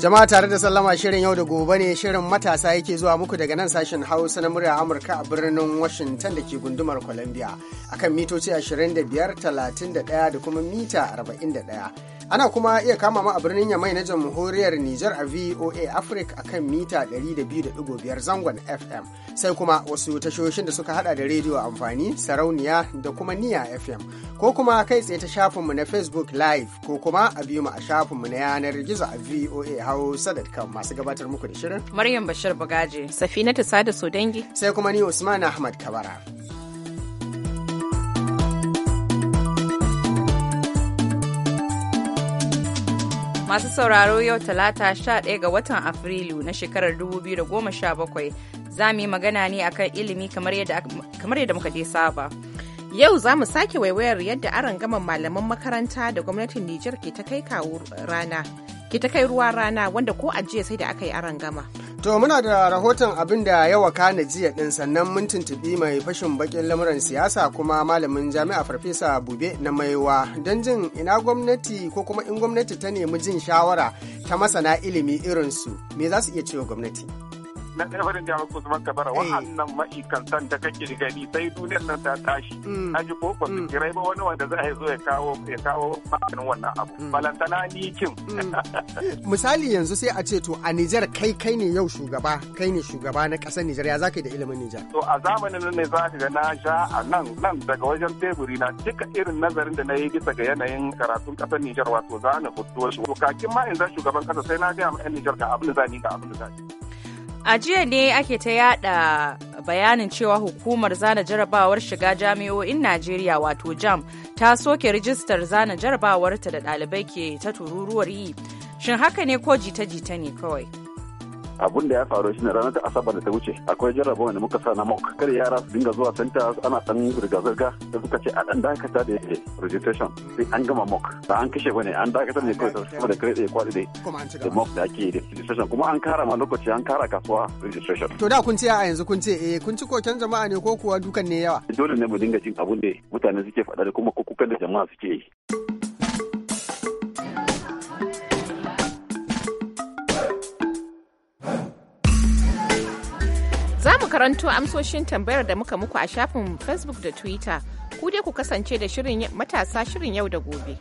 Jama'a tare da sallama shirin yau da gobe ne shirin matasa yake zuwa muku daga nan sashen Hausa na murya Amurka a birnin Washington da ke gundumar Columbia akan mitoci 25, 31 da kuma mita 41. Ana kuma iya kama mu a birnin Yamai na jamhuriyar Nijar a VOA Africa a kan mita 200.5 zangon FM. Sai kuma wasu tashoshin da suka hada da rediyo amfani, sarauniya da kuma niya FM. Ko kuma kai tsaye ta shafinmu na Facebook Live ko kuma a biyu mu a shafinmu na yanar gizo a VOA Hausa.com masu gabatar muku da shirin. Maryam Bashir Bagaje, Safina Sada Sodangi. Sai kuma ni Usman Ahmad Kabara. Masu sauraro yau talata 11 ga watan Afrilu na shekarar 2017 za mu yi magana ne akan ilimi kamar yadda muka dai saba. Yau za mu sake waiwayar yadda aron gama malaman makaranta da gwamnatin Nijar ke ta kai rana, ruwa rana wanda ko ajiya sai da aka yi aron gama. To muna da rahoton abin da ya wakana jiya din sannan mun tuntuɓi mai fashin bakin lamuran siyasa kuma malamin jami'a farfesa Bube na maiwa don jin ina gwamnati ko kuma in gwamnati ta nemi jin shawara ta masana ilimi irinsu me za su iya cewa gwamnati. na ɗaya farin da ku Usman Kabara eh. wa'annan ma'aikantan da kake gani sai duniyar nan ta tashi mm. a ji ko su mm. kirai ba wani wanda za a zo ya kawo ya kawo maganin wannan abu mm. balantana ni kin misali yanzu sai a ce to a Nijar kai kai ne yau shugaba kai ne shugaba na ƙasar Nijar ya zaka da ilimin Nijar to a zamanin nan ne za ka ga na sha a nan nan daga wajen teburi na duka irin nazarin da na yi bisa ga yanayin karatun ƙasar Nijar wato za na fito shi to kakin ma in za shugaban ƙasa sai na ga 'yan Nijar ga abin da za ni ga abin da za ni A jiya ne ake ta yada bayanin cewa hukumar zana jarabawar shiga jami'o'in Najeriya wato JAM ta soke rijistar zana jarabawarta da ɗalibai ke ta tururuwar yi. Shin haka ne ko jita-jita ne kawai? abun da ya faru shine ranar ta asabar da ta wuce akwai jarrabawa wanda muka sa na mok kada yara su dinga zuwa santa ana san rigazirga da suka ce a dan dakata da yake registration sai an gama mok ba an kashe ba ne an dakatar ne kawai da kare da kwali ne da mok da ake da registration kuma an kara ma lokaci an kara kasuwa registration to da kun ce a yanzu kun ce eh kun ci koken jama'a ne ko kuwa dukan ne yawa dole ne mu dinga jin abun da mutane suke faɗa da kuma kukan da jama'a suke yi mu karanto amsoshin tambayar da muka muku a shafin Facebook da Twitter. Ku dai ku kasance da shirin matasa shirin yau da gobe.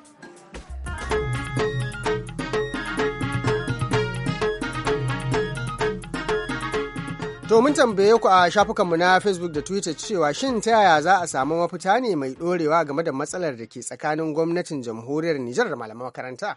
To mun tambaye ku a shafukanmu na Facebook da Twitter cewa shin ta yaya za a samu mafita ne mai dorewa game da matsalar da ke tsakanin gwamnatin jamhuriyar Nijar da malaman makaranta?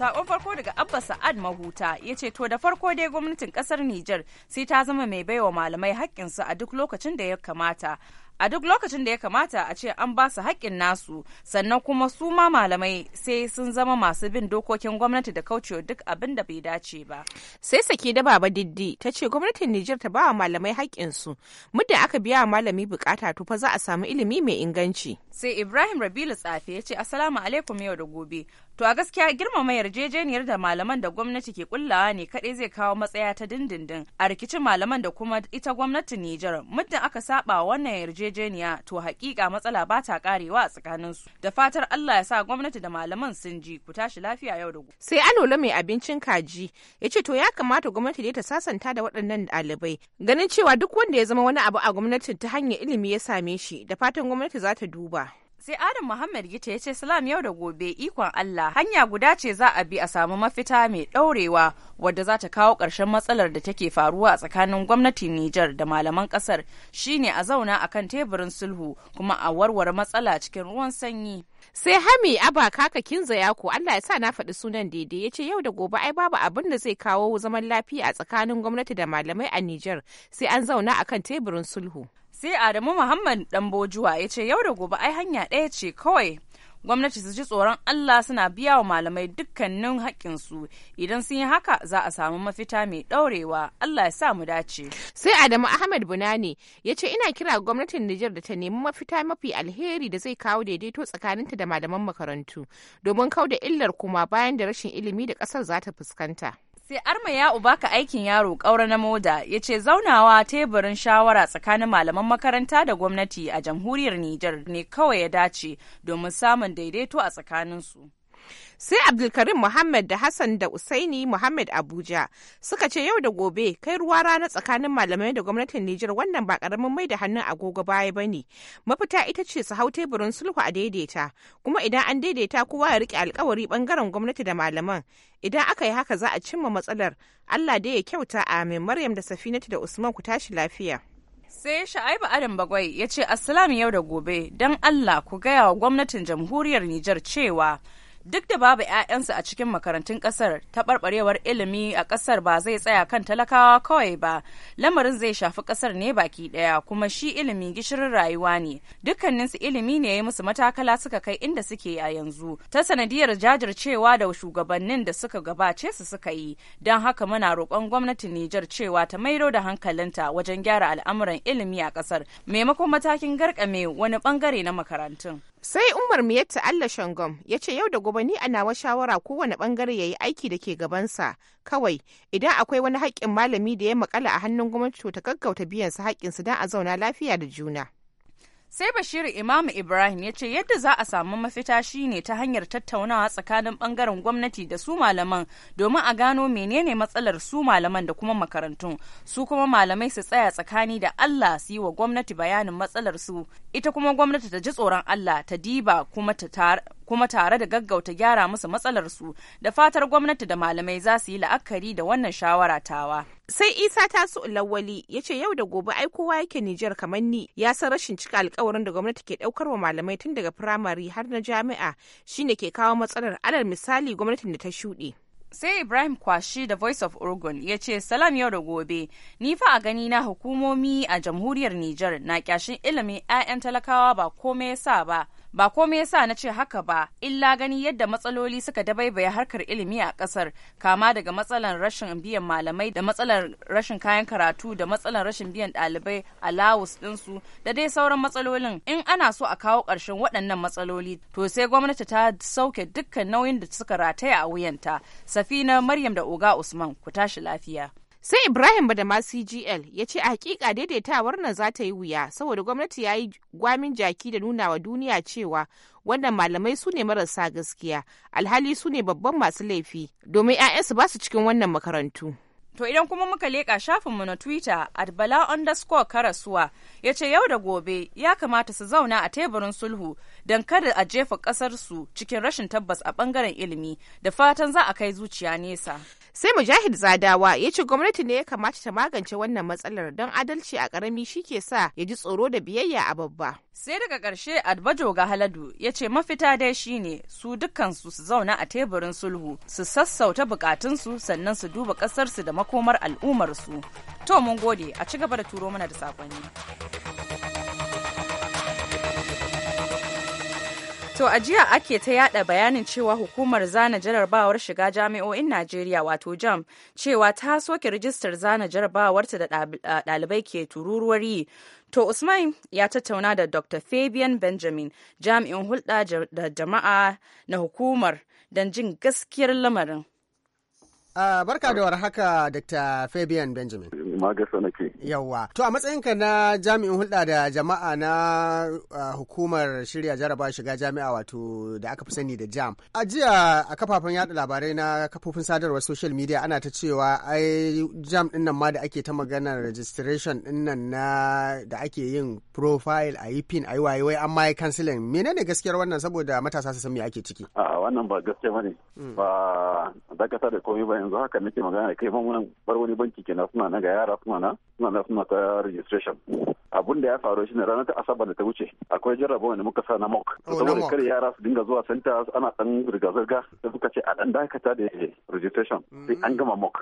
Sakon farko daga Abba Sa'ad Mahuta ya ce to da farko dai gwamnatin kasar Nijar sai ta zama mai baiwa malamai haƙƙinsu a duk lokacin da ya kamata. a duk lokacin da ya kamata a ce an ba su haƙƙin nasu sannan kuma su ma malamai sai sun zama masu bin dokokin gwamnati da kaucewa duk abin da bai dace ba. Sai saki da baba diddi ta ce gwamnatin Nijar ta ba wa malamai haƙƙinsu muddin aka biya wa malami bukata to fa za a samu ilimi mai inganci. Sai Ibrahim Rabilu Tsafe ya ce assalamu alaikum yau da gobe To a gaskiya girmama yarjejeniyar da malaman da gwamnati ke kullawa ne kaɗai zai kawo matsaya ta dindindin a rikicin malaman da kuma ita gwamnatin Nijar muddin aka saba wannan yarjejeniya to hakika matsala ba ta karewa a tsakanin su. Da fatar Allah ya sa gwamnati da malaman sun ji ku tashi lafiya yau da gobe. Sai alola mai abincin kaji ya ce to ya kamata gwamnati ne ta sasanta da waɗannan ɗalibai ganin cewa duk wanda ya zama wani abu a gwamnatin ta hanyar ilimi ya same shi da fatan gwamnati za ta duba. sai adam muhammad gita ya ce salam yau da gobe ikon allah hanya guda ce za a bi a samu mafita mai ɗaurewa wadda za ta kawo ƙarshen matsalar da take faruwa a tsakanin gwamnatin nijar da malaman ƙasar shine a zauna a kan teburin sulhu kuma a warware matsala cikin ruwan sanyi sai hami aba kaka kinza yako allah ya sa na faɗi sunan daidai ya ce yau da gobe ai babu abin da zai kawo zaman lafiya a tsakanin gwamnati da malamai a nijar sai an zauna a kan teburin sulhu sai adamu muhammad dan bojuwa ya ce yau da gobe ai hanya ɗaya ce kawai gwamnati su ji tsoron allah suna biya wa malamai dukkanin haƙƙinsu idan sun yi haka za a samu mafita mai ɗaurewa allah ya sa mu dace sai adamu ahmed bunani ya ce ina kira gwamnatin nijar da ta nemi mafita mafi alheri da zai kawo daidaito tsakaninta da malaman makarantu domin kau da illar kuma bayan da rashin ilimi da ƙasar za ta fuskanta sai arma ya ubaka aikin yaro ƙaura na moda ya ce zaunawa teburin shawara tsakanin malaman makaranta da gwamnati a jamhuriyar nijar ne kawai ya dace domin samun daidaito a tsakaninsu. sai abdulkarim muhammad da hassan da usaini muhammad abuja suka ce yau da gobe kai ruwa rana tsakanin malamai da gwamnatin nijar wannan ba karamin mai da hannun agogo baya ba ne mafita ita ce su hau teburin sulhu a daidaita kuma idan an daidaita kowa ya rike alkawari bangaren gwamnati da malaman idan aka yi haka za a cimma matsalar allah dai ya kyauta amin maryam da safinatu da usman ku tashi lafiya sai sha'aibu adam bagwai ya ce assalam yau da gobe don allah ku gaya wa gwamnatin jamhuriyar nijar cewa duk da babu 'ya'yansu a cikin makarantun kasar taɓarɓarewar ilimi a ƙasar ba zai tsaya kan talakawa kawai ba lamarin zai shafi ƙasar ne baki ɗaya kuma shi ilimi gishirin rayuwa ne dukkaninsu ilimi ne ya musu matakala suka kai inda suke a yanzu ta sanadiyar jajircewa da shugabannin da suka gabace su suka yi don haka muna roƙon gwamnatin Nijar cewa ta mairo da hankalinta wajen gyara al'amuran ilimi a ƙasar. maimakon matakin garkame wani ɓangare na makarantun sai umar miyatta allah shangom ya ce yau da gobe ni a nawa shawara kowane bangare ya yi aiki da ke gabansa kawai idan akwai wani haƙƙin malami da ya makala a hannun gwamnati to ta gaggauta biyan su haƙƙinsu don a zauna lafiya da juna sai bashiru imamu ibrahim ya ce yadda za a samu mafita shine ta hanyar tattaunawa tsakanin bangaren gwamnati da su malaman domin a gano menene matsalar su malaman da kuma makarantun su kuma malamai su tsaya tsakani da allah su yi wa gwamnati bayanin matsalar su ita kuma gwamnati ta ji tsoron allah ta diba kuma ta kuma tare da gaggauta gyara musu matsalarsu da fatar gwamnati da malamai za su yi la'akari da wannan shawara tawa. sai isa ta su lawali ya ce yau da gobe ai kowa yake nijar kamar ni ya san rashin cika alkawarin da gwamnati ke daukar wa malamai tun daga firamare har na jami'a shine ke kawo matsalar alal misali gwamnatin da ta shuɗe sai ibrahim kwashi da voice of oregon ya ce salam yau da gobe ni fa a gani na hukumomi a jamhuriyar nijar na kyashin ilimin 'ya'yan talakawa ba komai sa ba ba komai yasa na ce haka ba illa gani yadda matsaloli suka dabaibaye harkar ilimi a kasar kama daga matsalar rashin biyan malamai da matsalar rashin kayan karatu da matsalar rashin biyan ɗalibai alawus ɗinsu da dai sauran matsalolin in ana so a kawo ƙarshen waɗannan matsaloli to sai gwamnati ta sauke dukkan nauyin da suka rataya a wuyanta safina maryam da oga usman ku tashi lafiya sai ibrahim badama cgl ya ce a hakika daidaitawar nan za ta yi wuya saboda gwamnati ya yi gwamin jaki da nuna wa duniya cewa wannan malamai su ne marasa gaskiya alhali su ne babban masu laifi domin 'ya'yansu ba su cikin wannan makarantu To idan kuma muka leƙa shafinmu na Twitter at bala underscore karasuwa ya ce yau da gobe ya kamata su zauna a teburin sulhu don kada a jefa ƙasar su cikin rashin tabbas a ɓangaren ilimi da fatan za a kai zuciya nesa. Sai Mujahid Zadawa ya ce gwamnati ne ya kamata ta magance wannan matsalar don adalci a ƙarami shi ke sa ya ji tsoro da biyayya a babba. sai daga ƙarshe adbajo ga haladu ya ce mafita dai shine su dukkansu su zauna a teburin sulhu su sassauta bukatunsu sannan su duba ƙasarsu da makomar al'ummarsu to mun gode a ci gaba da turo mana da saƙonni. To a jiya ake ta yada bayanin cewa hukumar zana jarabawar shiga jami'o'in Najeriya wato JAM cewa ta soke rijistar zana jarabawarta da ɗalibai ke tururuwar yi To Usman ya tattauna da Dr. Fabian Benjamin, jami'in hulɗa da jama'a na hukumar don jin gaskiyar lamarin. Uh, barka da haka Dr. Fabian Benjamin. Magasa nake. Yawwa. To a matsayinka na jami'in hulɗa da jama'a na uh, hukumar shirya jaraba shiga jami'a wato da aka fi sani da jam. A jiya a kafafen yada labarai na kafofin sadarwar social media ana ta cewa ai jam ɗin nan ma da ake ta maganar registration ɗin nan na da ake yin profile a yi pin a yi wayewai wai an ma yi canceling. Menene gaskiyar wannan saboda matasa su san me ake ciki? A ah, wannan ba gaskiya bane. Hmm. Ba dakata da komai ba yanzu haka nake magana da kai mamunan bar wani banki kenan suna na ga yara suna na suna na suna ta registration abun da ya faru shine ranar ta asabar da ta wuce akwai jarrabawa da muka sa na mock oh, saboda kar yara su dinga zuwa center ana dan rigazarga da suka ce a dan dakata da registration sai an gama mock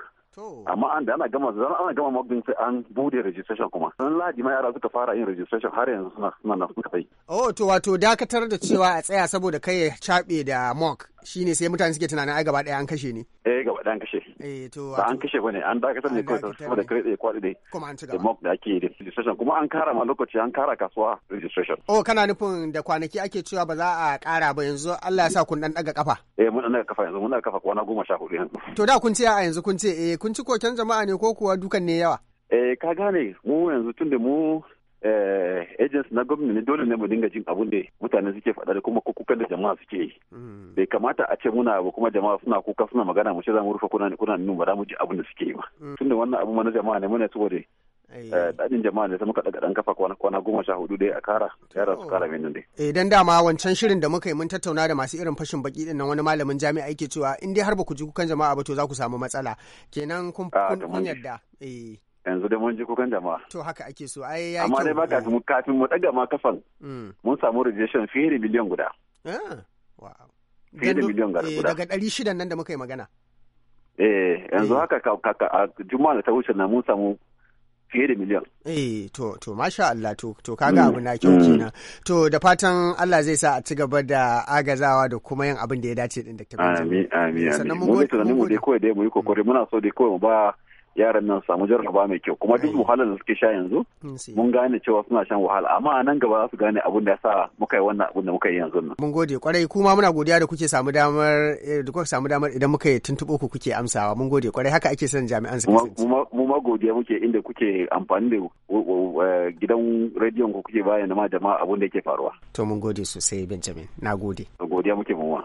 amma an da ana gama zan ana gama mabin sai an bude registration kuma san ladi ma yara suka fara yin registration har yanzu suna suna na suka yi oh to wato dakatar da cewa a tsaya saboda kai ya chabe da mock shine sai mutane suke tunanin ai gaba daya an kashe ne eh gaba daya an kashe eh to wato an kashe bane an dakatar ne kawai saboda kai tsaye kwadi dai kuma an ci gaba mock da ake da registration kuma an kara ma lokaci an kara kasuwa registration oh kana nufin da kwanaki ake cewa ba za a kara ba yanzu Allah ya sa kun dan daga kafa eh mun dan daga kafa yanzu mun daga kafa kwana goma sha hudu yanzu to da kun ce a yanzu kun ce eh kun ci koken jama'a ne ko kuwa dukan ne yawa? Eh, ka gane mu yanzu tun da mu eh, agents na gwamnati ne dole ne mu dinga jin abun da mutane suke faɗa da kuma kukan da jama'a suke yi. Hmm. Bai kamata a ce muna ba kuma jama'a suna kuka suna magana mu ce za mu rufe kuna kuna nuna ba za mu ji abun da suke yi ba. Hmm. Tunda wannan abu na jama'a ne muna saboda Eh. Eh, dajin jama'a ne sai muka daga ɗan kafa kwana kwana goma sha hudu dai a kara yara su kara min dai eh dan dama wancan shirin da muka yi mun tattauna da masu irin fashin baki din nan wani malamin jami'a yake cewa in dai har ba ku ji kukan jama'a ba to za ku samu matsala kenan kun ah, kun yarda eh yanzu dai mun ji kukan jama'a to haka ake so ai ya amma dai ba kafin mu kafin mu daga ma kafan mm. mun samu rejection fiye da miliyan guda ah wow fiye da miliyan eh, guda daga ɗari shidan nan da muka yi magana eh yanzu haka a juma'a da ta wuce na mun samu fiye da miliyan. Eh to to masha Allah to to kaga mm. abu na kyau mm. kenan. To da fatan Allah zai sa a ci gaba da agazawa da kuma yin abin da ya dace din da Amin amin amin. Sannan mu gode mu dai kawai dai mu yi kokari muna so da kawai mu ba yaran nan samu jarraba mai kyau kuma duk wahalar da suke sha yanzu mm, mun gane cewa suna shan wahala amma nan gaba za su gane abin da sa muka yi wannan abin da muka yi yanzu nan mun gode kwarai kuma muna godiya da kuke samu damar eh, da kuka samu damar idan muka yi tuntubo ku kuke amsawa mun gode kwarai haka ake son jami'an su mu ma godiya muke inda kuke amfani da eh, gidan rediyon ku kuke bayyana ma jama'a abin da yake faruwa to mun gode sosai Benjamin nagode godiya muke mu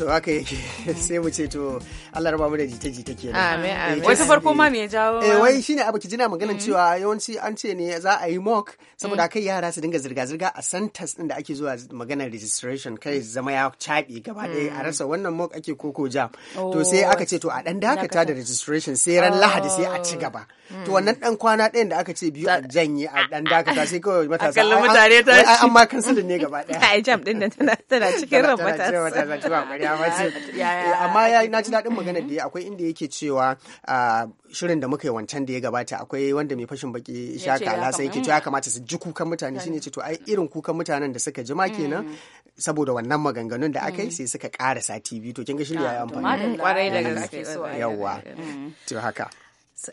to haka yake mm. sai mu ce to Allah rabu da jita-jita kenan amin amin eh, wata farko ma eh, me jawo eh wai shine ne ki jina maganin mm. cewa yawanci an ce ne za a yi mock saboda mm. kai yara su dinga zirga-zirga a santas din da ake zuwa maganar registration kai zama ya caɓe gaba ɗaya a rasa wannan mock ake koko jam to oh, sai aka ce to a dan dakata da registration sai ran lahadi sai a ci oh. gaba to wannan dan kwana ɗayan da aka ce biyu a janye a dan dakata sai kawai matasa ta an ma kansilin ne gaba ɗaya ai jam din nan tana cikin cikin matasa amma ya na ji daɗin magana da ya akwai inda yake cewa ah, shirin da muka yi wancan da ya gabata akwai wanda mai fashin baki shaka alasa yake hmm. cewa ya kamata su ji kukan mutane shine ce to ai irin kukan mutanen da suka jima kenan hmm. saboda wannan maganganun da aka yi hmm. sai suka kara sati biyu to kin ga shirya ya ah, amfani kwarai da gaske yawa to haka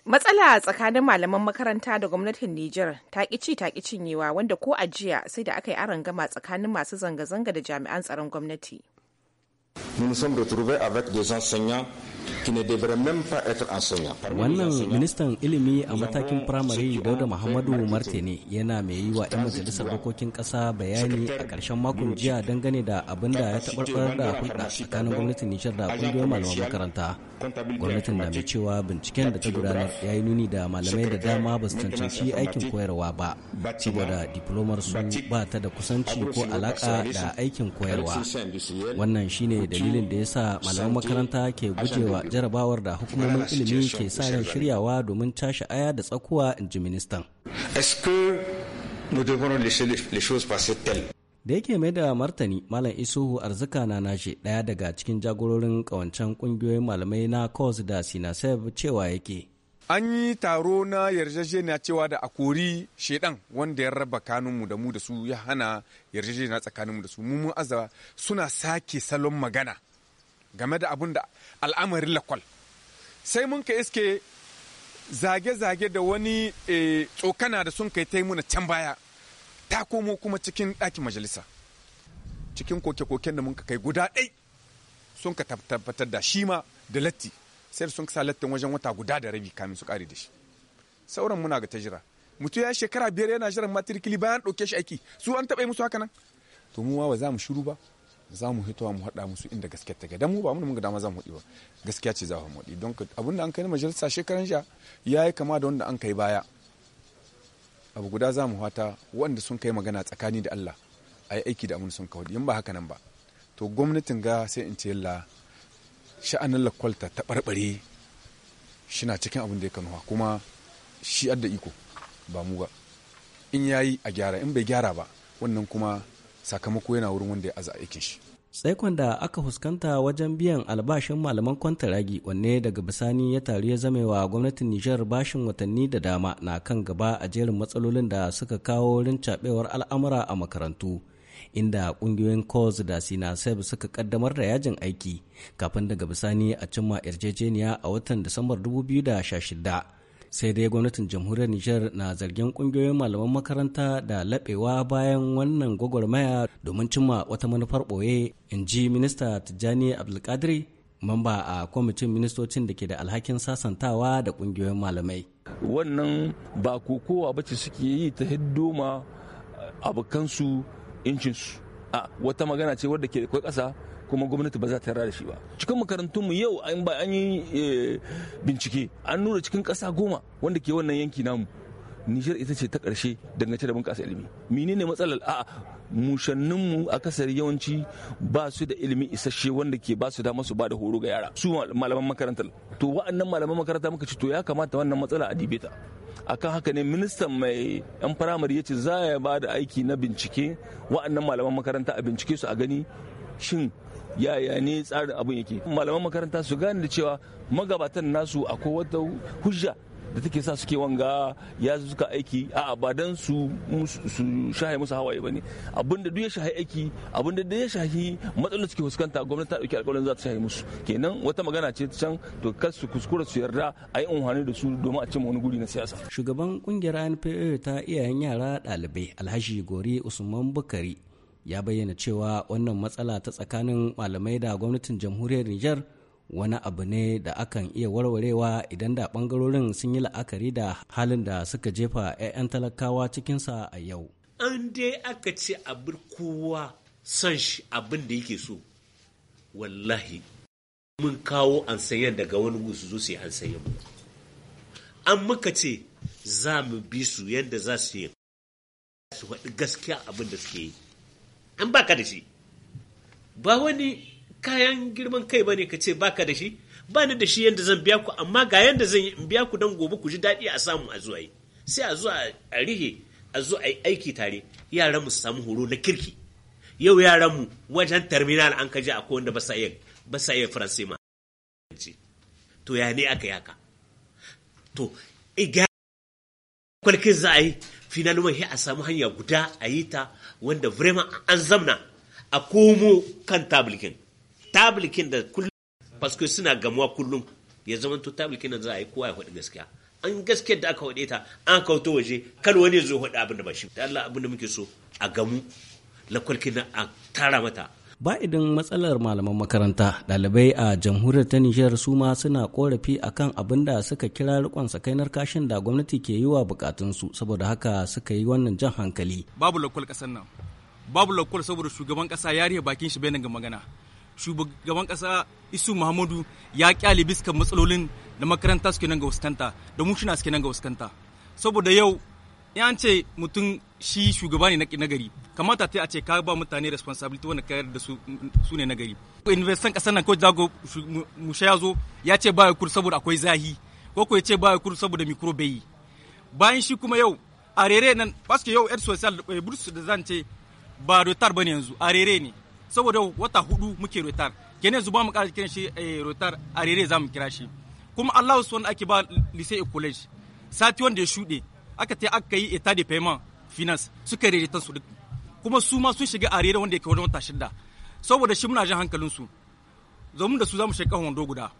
matsala tsakanin malaman makaranta da gwamnatin Nijar ta ƙici ta cinyewa wanda ko a jiya sai da aka yi gama tsakanin masu zanga-zanga da jami'an tsaron gwamnati. Nous nous sommes retrouvés avec des enseignants Wannan ministan ilimi a matakin firamare Dauda Muhammadu Martini yana mai yi wa 'yan majalisar dokokin ƙasa bayani a ƙarshen makon jiya dangane da abin da ya tabbatar da hulɗa tsakanin gwamnatin Nijar da ƙungiyoyin malaman makaranta. Gwamnatin na mai cewa binciken da ta gudanar ya yi nuni da malamai da dama ba su cancanci aikin koyarwa ba, saboda diplomar su ba ta da kusanci ko alaka da aikin koyarwa. Wannan shine dalilin da ya sa malaman makaranta ke gujewa jarabawar da hukumomin ilimi ke sa ran shiryawa domin tashi aya da tsakuwa in ji ministan. da yake mai da martani malam isuhu arzika na nashi daya daga cikin jagororin kawancen kungiyoyin malamai na cos da sinasef cewa yake an yi taro na yarjejeniya cewa da a kori shedan wanda ya raba kanunmu da mu da su ya hana yarjejeniya tsakaninmu da su mu mun azaba suna sake salon magana game da abun da al'amarin lakwal sai mun ka iske zage-zage da wani eh, tsokana da sun kai ta muna can baya ta komo kuma cikin ɗakin majalisa cikin koke-koken da mun kai guda ɗai sun ka tabbatar da shi ma da latti sai sun kasa lattin wajen wata guda da rabi kamin su kare da shi sauran muna ga ta jira mutum ya shekara biyar yana jiran matrikili bayan ɗauke shi aiki su an taɓa musu haka nan to mu ba za mu shiru ba za mu hitowa mu haɗa musu inda gaskiya take dan mu ba mun ga dama za mu haɗi ba gaskiya ce za mu haɗi don abin da an kai majalisa shekaran sha ya yi kama da wanda an kai baya abu guda za mu hata wanda sun kai magana tsakani da Allah a yi aiki da mun sun kawo yin ba haka nan ba to gwamnatin ga sai in ce yalla sha'anin lakwalta ta barbare shi na cikin abin da ya kanuwa kuma shi adda iko ba mu ba in yi a gyara in bai gyara ba wannan kuma sakamako yana wurin wanda ya aza aikin shi tsaikon da aka fuskanta wajen biyan albashin malaman kwantaragi wanne daga bisani ya taru ya zame wa gwamnatin nijar bashin watanni da dama na kan gaba a jerin matsalolin da suka kawo rincaɓewar al'amura a makarantu inda kungiyoyin cos da sinasab suka kaddamar da yajin aiki kafin daga bisani a cimma yarjejeniya a watan disambar 2016 sai dai gwamnatin jamhuriyar nijar na zargin kungiyoyin malaman makaranta da labewa bayan wannan gwagwarmaya domin cimma wata manufar boye in ji minista tijjani abdulkadiri mamba a kwamitin ministocin da ke da alhakin sasantawa da kungiyoyin malamai wannan ba kokowa ce suke yi ta hiddoma abokansu incinsu a wata magana ce wadda ke kai ƙasa kuma gwamnati ba za ta yarda da shi ba cikin makarantunmu yau an ba an yi eh, bincike an nuna cikin ƙasa goma wanda ke wannan yanki namu Nijar ita ce ta ƙarshe dangance da bunƙasa ilimi menene matsalar a'a mushanninmu a kasar yawanci ba su da ilimi isasshe wanda ke ba su dama su ba da horo ga yara su malaman makarantar to wa'annan malaman makaranta muka ci to ya kamata wannan matsala a dibe akan haka ne ministan mai yan firamare ya ce za ya ba da aiki na bincike wa'annan malaman makaranta a bincike su a gani shin yaya ne tsarin abin yake malaman makaranta su gane da cewa magabatan nasu akwai wata hujja da take sa suke wanga ya suka aiki a ba dan su su musu hawaye bane abinda duk ya shahi aiki abinda da ya shahi matsalolin suke fuskanta gwamnati ta dauki alƙawarin za ta shahi musu kenan wata magana ce can to kar su kuskura su yarda a yi unhani da su domin a cimma wani guri na siyasa shugaban kungiyar NPA ta iyayen yara dalibai Alhaji Gori Usman Bukari ya bayyana cewa wannan matsala ta tsakanin malamai da gwamnatin jamhuriyar Nijar wani abu ne da akan iya warwarewa idan da bangarorin sun yi la'akari da halin da suka jefa 'ya'yan talakawa cikinsa a yau. An dai aka ce abin kowa son shi abin da yake so, wallahi mun kawo an sayan daga wani gusu zo su yi an sayan An muka ce za mu bi su yadda za su yi su faɗi gaskiya abin da suke yi. An baka da shi. Ba wani kayan girman kai bane ka ce baka da shi ba ni da shi yadda zan biya ku amma ga yadda zan biya ku don gobe ku ji daɗi a samu a zuwa yi sai a zuwa a rihe a zo a yi aiki tare yaran mu samu horo na kirki yau yaran mu wajen terminal an kaji a wanda ba sa iya ba sa iya ma to ya ne aka yaka to iga kwalkin za a yi finalman sai a samu hanya guda a yi ta wanda vraiment an zamna a komo kan tablikin tablikin da kullum paske suna gamuwa kullum ya zama to tablikin da za a yi kowa ya faɗi gaskiya an gaskiya da aka faɗe ta an kauta waje kar wani zo faɗi abin da ba shi da Allah abin da muke so a gamu lakwalki na a tara mata ba idan matsalar malaman makaranta ɗalibai a jamhuriyar ta nijar su ma suna korafi akan abin da suka kira rikon sakainar kashin da gwamnati ke yi wa bukatunsu saboda haka suka yi wannan jan hankali babu lakwal ƙasar nan babu lakwal saboda shugaban ƙasa ya bakin shi bai ga magana shugaban kasa isu muhammadu ya kyale biskan matsalolin da makaranta suke nan ga wuskanta da mushina suke nan ga wuskanta saboda yau ya an ce mutum shi shugaba ne na gari kamata ta a ce ka ba mutane responsibility wanda kayar da su ne na gari investan kasar nan coach dago musha ya zo ya ce ba kur saboda akwai zahi ko ko ya ce ba kur saboda micro bayi bayan shi kuma yau arere rere nan paske yau ed social eh, bursu da zan ce ba dotar bane yanzu arere ne saboda wata hudu muke rotar kenan zuba mu kara kiran shi eh, rotar a rere za mu kira shi kuma Allah su wanda ake ba lycée et collège sati wanda ya shuɗe aka ta aka yi état de paiement finance suka rere ta su duk kuma su ma sun shiga a rere wanda yake wajen wata shida saboda shi muna jin hankalin su zamu da su zamu shekka wando guda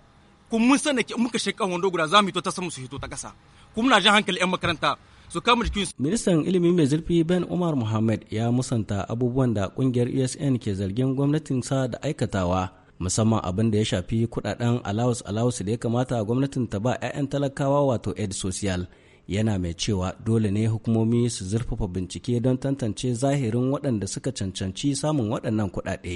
kuma mun san da muka shekka wando guda za mu yi to ta samu su hito ta kasa kuma muna jin hankalin yan makaranta su kama su. Ministan ilimi mai zurfi Ben Umar Muhammad ya musanta abubuwan da kungiyar ESN ke zargin gwamnatin sa da aikatawa musamman abin da ya shafi kudaden allowance allowance da ya kamata gwamnatin ta ba 'ya'yan talakawa wato ed social yana mai cewa dole ne hukumomi su zurfafa bincike don tantance zahirin waɗanda suka cancanci samun waɗannan kuɗaɗe.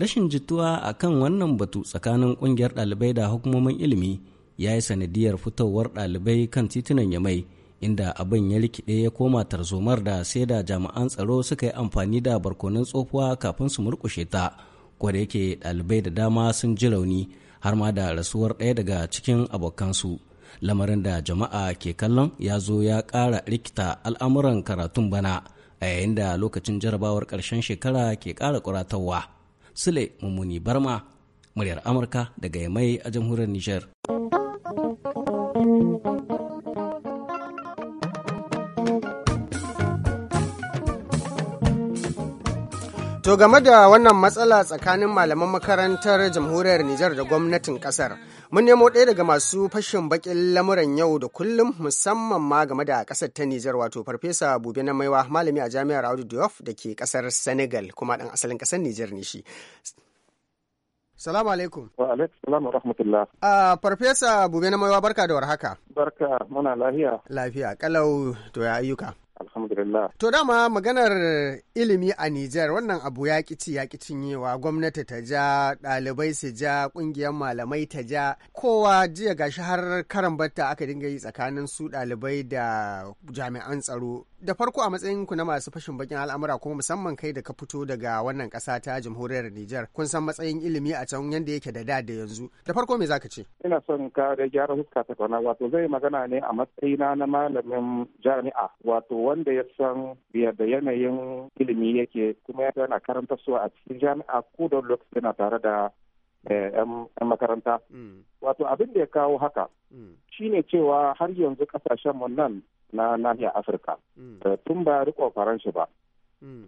Rashin jituwa a kan wannan batu tsakanin ƙungiyar ɗalibai da hukumomin ilimi ya yi sanadiyar fitowar ɗalibai kan titunan yamai inda abin ya rikide ya koma tarzomar da sai da jami'an tsaro suka yi amfani da barkonin tsohuwa kafin su murkushe ta kwada yake ɗalibai da dama sun ji rauni har ma da rasuwar ɗaya daga cikin abokansu lamarin da jama'a ke kallon ya zo ya ƙara rikita al'amuran karatun bana a yayin da lokacin jarabawar ƙarshen shekara ke ƙara ƙuratawa sule mummuni barma muryar amurka daga mai a jamhuriyar nijar To game da wannan matsala tsakanin malaman makarantar jamhuriyar Nijar da gwamnatin kasar, mun nemo ɗaya daga masu fashin bakin lamuran yau da kullum musamman ma game da kasar ta Nijar wato Farfesa Bube na Maiwa malami a jami'ar Audu Diouf da ke kasar Senegal kuma ɗan asalin kasar Nijar ne shi. Salamu alaikum. Wa alaikum salam wa rahmatullah. Uh, Farfesa Bube na Maiwa barka da warhaka. Barka muna lafiya. Lafiya kalau to ya ayyuka. Alhamdulillah. To dama maganar ilimi a Nijar wannan abu ya kici ya cinyewa gwamnati ta ja ɗalibai su ja ƙungiyar malamai ta ja kowa jiya gashi har karan aka dinga yi tsakanin su ɗalibai da jami'an tsaro da farko a matsayin ku na masu fashin bakin al'amura kuma musamman kai da ka fito daga wannan ƙasa ta jamhuriyar Nijar kun san matsayin ilimi a can yadda yake da da da yanzu da farko me zaka ce ina son ka da gyara huska ta kwana wato zai magana ne a matsayina na malamin jami'a wato wanda ya san yadda yanayin ilimi yake kuma yana karanta su a cikin jami'a ko da lokaci yana tare da eh, 'yan makaranta. Mm. Wato abin da ya kawo haka mm. shine cewa har yanzu kasashen nan na nahiyar afirka mm. tun ba riko faranshi ba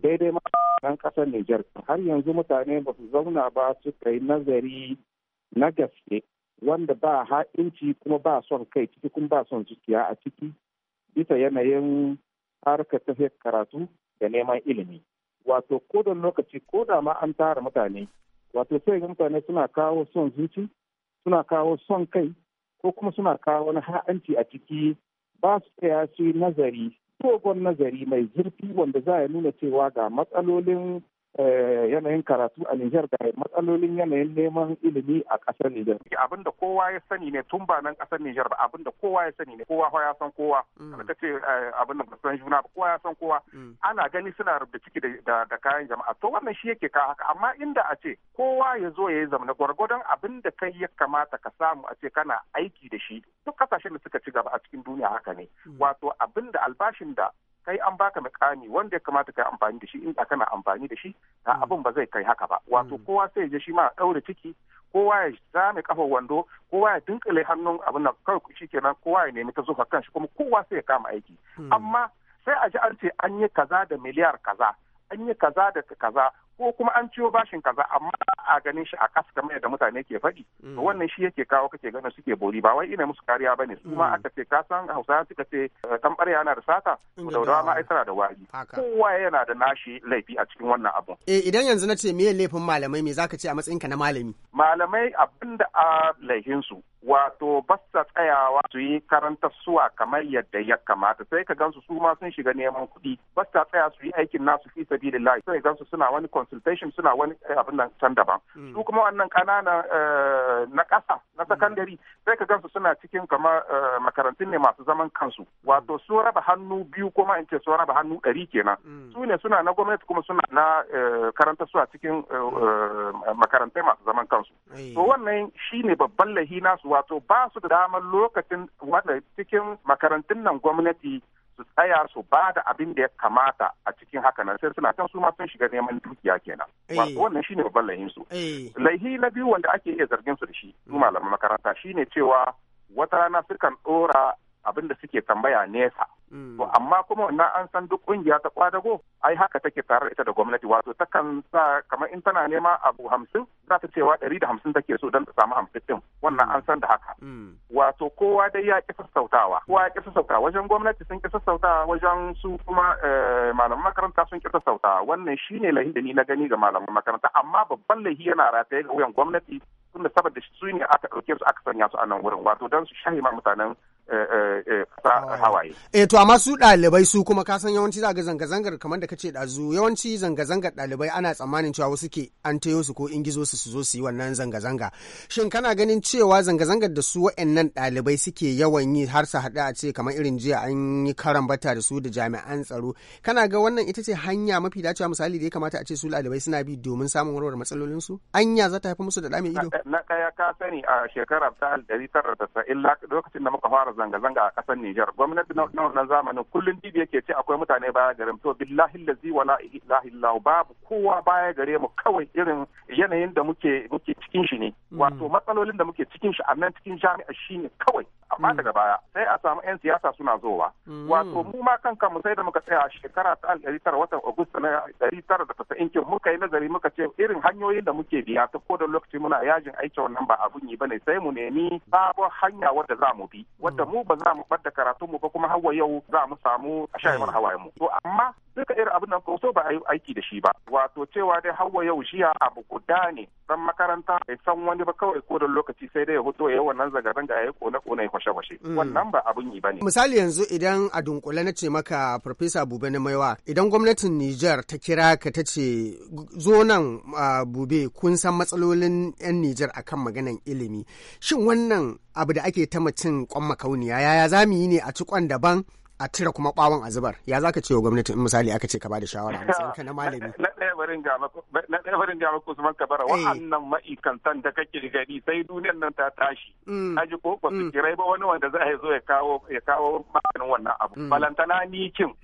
daidai mm. ma ɗan ƙasar niger har yanzu mutane ba su zauna ba su yi nazari na gaske wanda ba ha'inci kuma ba son kai ciki kuma ba son zuciya a ciki bisa yanayin harkar tafiyar karatu da neman ilimi wato ko da lokaci ko da ma an tara mutane wato sai ga mutane suna kawo son zuci suna kawo son kai ko kuma suna kawo wani ha'anci a ciki ba su tsaya su nazari dogon nazari mai zurfi wanda za ya nuna cewa ga matsalolin Eh, yanayin karatu a Nijar da matsalolin yanayin neman ilimi a ƙasar Nijar. Abin da kowa ya sani ne tun ba nan ƙasar Nijar ba abin da kowa ya sani ne kowa ya san kowa. Mm. Ka ce eh, abin da san juna ba kowa ya san kowa. Mm. Ana gani suna rubuta ciki da kayan jama'a to wannan shi yake ka haka amma inda a ce kowa ya zo ya yi zamana gwargwadon abin da kai ya kamata ka samu a ce kana aiki da shi duk kasashen da suka ci gaba a cikin duniya haka ne. Mm. Wato abin da albashin da sai an baka mukami wanda ya kamata kai amfani da shi inda kana amfani da shi ta hmm. abin ba zai kai haka ba wato hmm. kowa sai ya shi ma daure ciki kowa ya zame kafa wando kowa ya dinkale hannun abin nan kawai kenan kowa ya nemi ta kan kanshi kuma kowa sai ya kama aiki hmm. amma sai a ji an ce an yi kaza da miliyar kaza an yi kaza da kaza ko kuma an ciwo bashin kaza amma a ganin shi a kasa kamar yadda mutane ke faɗi mm. to wannan shi yake kawo kake ganin suke bori ba wai ina musu kariya bane su ma mm. aka ce ka san Hausawa suka ce kan eh, barya yana da sata to daurawa ma ai tana da wari kowa yana da nashi laifi a cikin wannan abu eh idan yanzu na ce me laifin malamai me zaka ce a matsayinka na malami malamai abinda a laifin su wato basta tsayawa su yi karanta suwa kamar yadda ya kamata sai ka gansu su ma sun shiga neman kuɗi basta tsaya su yi aikin nasu fi lai sai gansu suna wani consultation suna wani abin nan can daban hmm. su kuma wannan kanana eh, na ƙasa na hmm. sakandare sai ka gansu suna cikin kamar eh, makarantun ne masu zaman kansu hmm. wato su raba hannu biyu kuma in ce su raba hannu ɗari kenan su ne suna na gwamnati kuma suna na eh, karanta suwa cikin makarantai masu zaman kansu to wannan shine babban lahi nasu wato ba su da damar lokacin wanda cikin makarantun nan gwamnati su tsaya su ba da abin da ya kamata a cikin haka nan sai suna can su ma sun shiga neman dukiya kenan eh. wato wannan shine babban layin su eh. laihi na biyu wanda ake iya zargin su da shi su malaman makaranta shine cewa wata rana sukan dora abin da suke tambaya nesa Mm. To amma kuma wannan an san duk kungiya ta kwadago ai haka take tare ita da gwamnati wato takan sa kamar in tana nema abu hamsin za ta cewa ɗari da hamsin take so don ta samu hamsin ɗin wannan mm. an san da haka. Mm. Wato kowa dai ya ƙi sassautawa kowa ya ƙi sassautawa wajen gwamnati sun ƙi sassautawa wajen su kuma eh, malaman makaranta sun ƙi sassautawa wannan shine lahi da ni na gani ga malaman makaranta amma babban lahi yana rataye ga wuyan gwamnati tunda saboda su ne aka ɗauke su aka sanya su a nan wurin wato don su shahi ma mutanen Eh, eh, eh, ah. hawaye. Eh to amma su ɗalibai su kuma ka san yawanci za zanga-zangar kamar da ka ce ɗazu yawanci zanga-zangar ɗalibai ana tsammanin cewa wasu ke an tayo su ko ingizo su su zo su yi wannan zanga-zanga. Shin kana ganin cewa zanga-zangar da su waɗannan ɗalibai suke yawan yi har su haɗu a ce kamar irin jiya an yi karan bata da su da jami'an tsaro. Kana ga wannan ita ce hanya mafi dacewa misali da ya kamata a ce su ɗalibai suna bi domin samun warware matsalolinsu? Anya za ta haifi musu da ɗame ido? Na kaya ka sani a shekarar ta 1990 lokacin da muka fara zanga-zanga a kasar Nijar gwamnati na wannan zamanin kullum dibi yake ce akwai mutane baya gare mu to billahi lazi wala ilahi illahu babu kowa baya gare mu kawai irin yanayin da muke muke cikin shi ne hmm. wato matsalolin da muke cikin shi a nan cikin jami'a shine kawai amma daga baya sai a samu 'yan siyasa suna zowa hmm. wato mu ma kan kanmu sai da muka tsaya a shekara ta alɗari tara watan agusta na ɗari tara da tasa'in kin muka yi nazari muka ce irin hanyoyin da muke biya ta ko da lokaci muna yajin aiki wannan ba abun yi bane sai mu nemi sabon hanya wadda za mu bi wadda mu ba za mu ɓadda karatu mu ba kuma hawa yau za mu samu a shayar mm. hawayen mu to amma duka irin abin nan ko so ba a yi aiki da shi ba wato cewa dai hawa yau jiya abu guda ne dan makaranta bai san wani ba kawai ko da lokaci sai dai ya hoto ya wannan zanga da ya kona kone ya kwashe-kwashe mm. wannan ba abin yi ba ne. misali yanzu idan a dunkule na ce maka farfesa bube na maiwa idan gwamnatin nijar ta kira ka ta ce zo nan bube kun san matsalolin 'yan niger akan maganan ilimi shin wannan abu da ake ta macin kwan makauniya yaya za mu yi ne a ci kwan daban a tira kuma bawon a zubar ya zaka ce wa gwamnati in misali aka ce ka bada shawara matsayin ka na malami na ɗaya barin ga na ɗaya barin ga maka Usman Kabara eh. wa'annan ma'aikantan da kake gani sai duniyar nan ta tashi mm. aji ko ba su mm. kirai ba wani wanda za a zo ya kawo ya kawo maganin wannan abu mm. balantana ni kin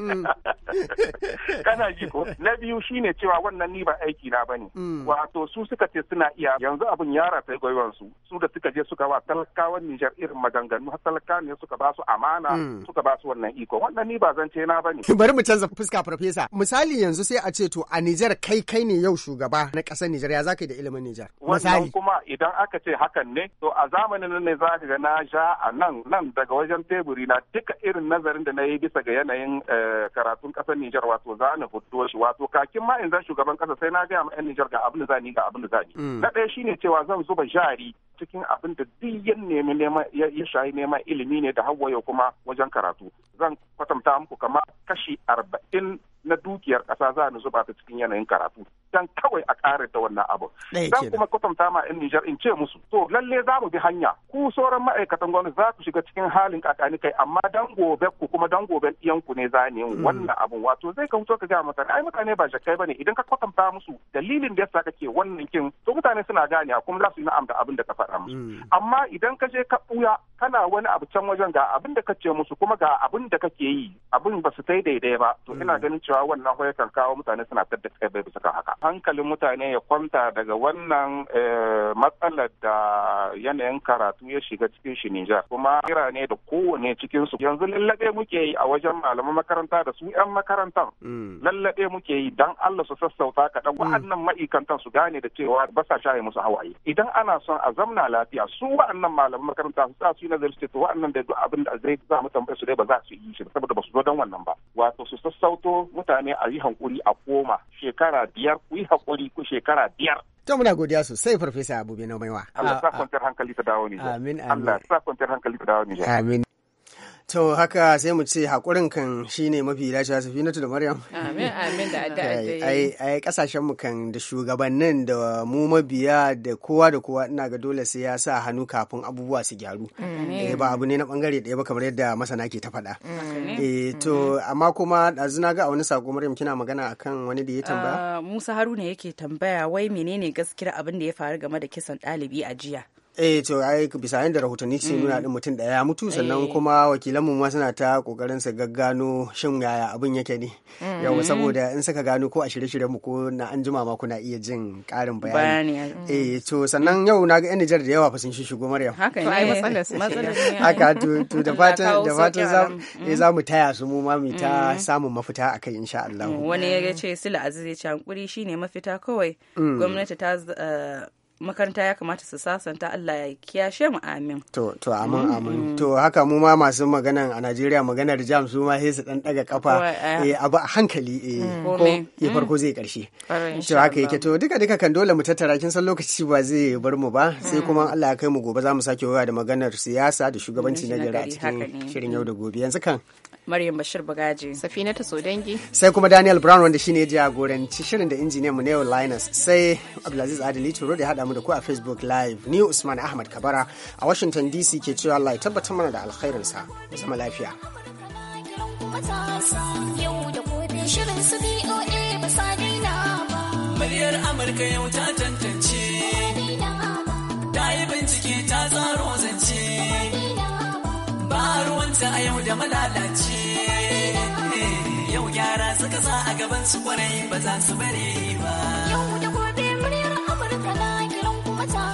kana ji ko na biyu shine cewa wannan ni ba aiki na bane wato su suka ce suna iya yanzu abun yara ta gwiwar su su da suka je suka wa talakawan Nijar irin maganganu har ne suka ba su amana suka ba su wannan ikon wannan ni ba zan ce na bane bari mu canza fuska farfesa misali yanzu sai a ce to a Nijar kai kai ne yau shugaba na ƙasar Nijar ya zaka da ilimin Nijar misali kuma idan aka ce hakan ne to a zamanin nan ne ka ga na sha a nan nan daga wajen teburi na duka irin nazarin da na yi bisa ga yanayin eh, karatun ƙasar Nijar wato zani fito shi wato kakin ma in zan shugaban ƙasa sai na ga ma 'yan Nijar ga abin da zani ga abin da zani mm. na ɗaya shine cewa zan zuba jari cikin abin da duk ya nemi ya shayi neman ilimi ne da hawaye kuma wajen karatu zan kwatanta muku kama kashi arba'in na dukiyar ƙasa za ni zuba ta cikin yanayin karatu dan kawai a ƙara da wannan abu dan kuma kwatanta ma in Nijar in ce musu to lalle za mu bi hanya ku sauran ma'aikatan gwamnati za ku shiga cikin halin kakani kai amma dan gobe ku kuma dan goben iyanku ne za ne hmm. wannan abun wato zai ka fito ka ga mutane ai mutane ba jakai bane idan ka kwatanta musu dalilin da yasa kake wannan kin to mutane suna gane kuma za su yi na'am da abin da ka faɗa musu hmm. amma idan ka je ka buya kana wani abu can wajen ga abin da ka ce musu kuma ga abin da kake yi abin ba su tai daidai ba to hmm. ina ganin cewa wannan hoya kan kawo mutane suna tattaka kai bai bisa haka hankalin mutane ya kwanta daga wannan eh, matsalar da yanayin karatu ya shiga cikin shi Nijar. Kuma kira ne da kowane cikin su yanzu lallabe muke yi a wajen malaman makaranta da su 'yan makarantar. Mm. Lallabe muke yi dan Allah su sassauta kaɗan mm. wa'annan ma'aikatan su gane da cewa ba sa shaye musu hawaye. Idan ana son a zamna lafiya su wa'annan malaman makaranta su sa su yi nazarin su wa'annan da duk abin da zai za mu tambaye su dai ba za su yi shi saboda ba su zo don wannan ba. Wato su sassauto mutane a yi hankuri a koma shekara biyar ku yi haƙuri ku shekara biyar. To muna godiya sosai Farfesa Abubuwa na Maiwa. Allah sa kwanciyar hankali ta dawo ne. Amin. Allah sa kwanciyar hankali ta dawo ne. Amin. to haka sai mu ce haƙurin kan shine mafi dacewa su finatu da maryam amin amin da adda ai ai kasashen mu kan da shugabannin da mu mabiya da kowa da kowa ina ga dole sai ya sa hannu kafin abubuwa su gyaru eh ba abu ne na ɓangare ɗaya ba kamar yadda masana ke ta faɗa eh to amma kuma ɗazu na ga a wani sako maryam kina magana akan wani da ya tambaya ah, Musa Haruna yake tambaya wai menene gaskiya abin da ya faru game da kisan ɗalibi a jiya eh to ai bisa yadda rahotanni ke nuna din mm. mutum daya ya mutu sannan eh. kuma wakilanmu ma suna ta kokarin su gaggano shin yaya abin yake ne mm. yau mm. saboda in suka gano ko a shirye-shiryen mu ko na an jima ma kuna iya jin karin bayani eh to sannan yau na ga Niger da yawa fa sun shigo Maryam haka ne ai matsalar su haka to to da fatan da fatan za eh za mu taya su mu ma mu ta samun mafita akai insha Allah wani ya ce sila Aziz ya ce hankuri shine mafita kawai gwamnati ta eh, makaranta ya kamata su sasanta Allah ya kiyashe mu amin. To, to amin mm, amin. Mm. To haka mu ma masu maganan a Najeriya maganar jam su ma sai su dan daga kafa eh a hankali eh mm. ko ya farko zai karshe. To haka yake to duka duka kan dole mu tattara kin san lokaci ba zai bar mu ba sai kuma Allah ya kai mu gobe za mu sake wayar da maganar siyasa da shugabanci na gari a cikin shirin yau da gobe yanzu kan Maryam Bashir Bagaji. Safina ta Sodangi. Sai kuma Daniel Brown wanda shine ya jagoranci shirin da injiniyan mu Neo Linus sai Abdulaziz Adili Turo da hada haɗa da ku a Facebook Live ni Usman Ahmad Kabara a Washington DC ke cewa Allah ya tabbatar mana da alkhairinsa da zama lafiya. Muryar Amurka yau ta tantance, ta yi bincike ta zaro zance, ba ruwanta a yau da malalace. yau gyara suka a gaban su kwarai ba za su bare ba. Yau da gobe muryar Amurka na time.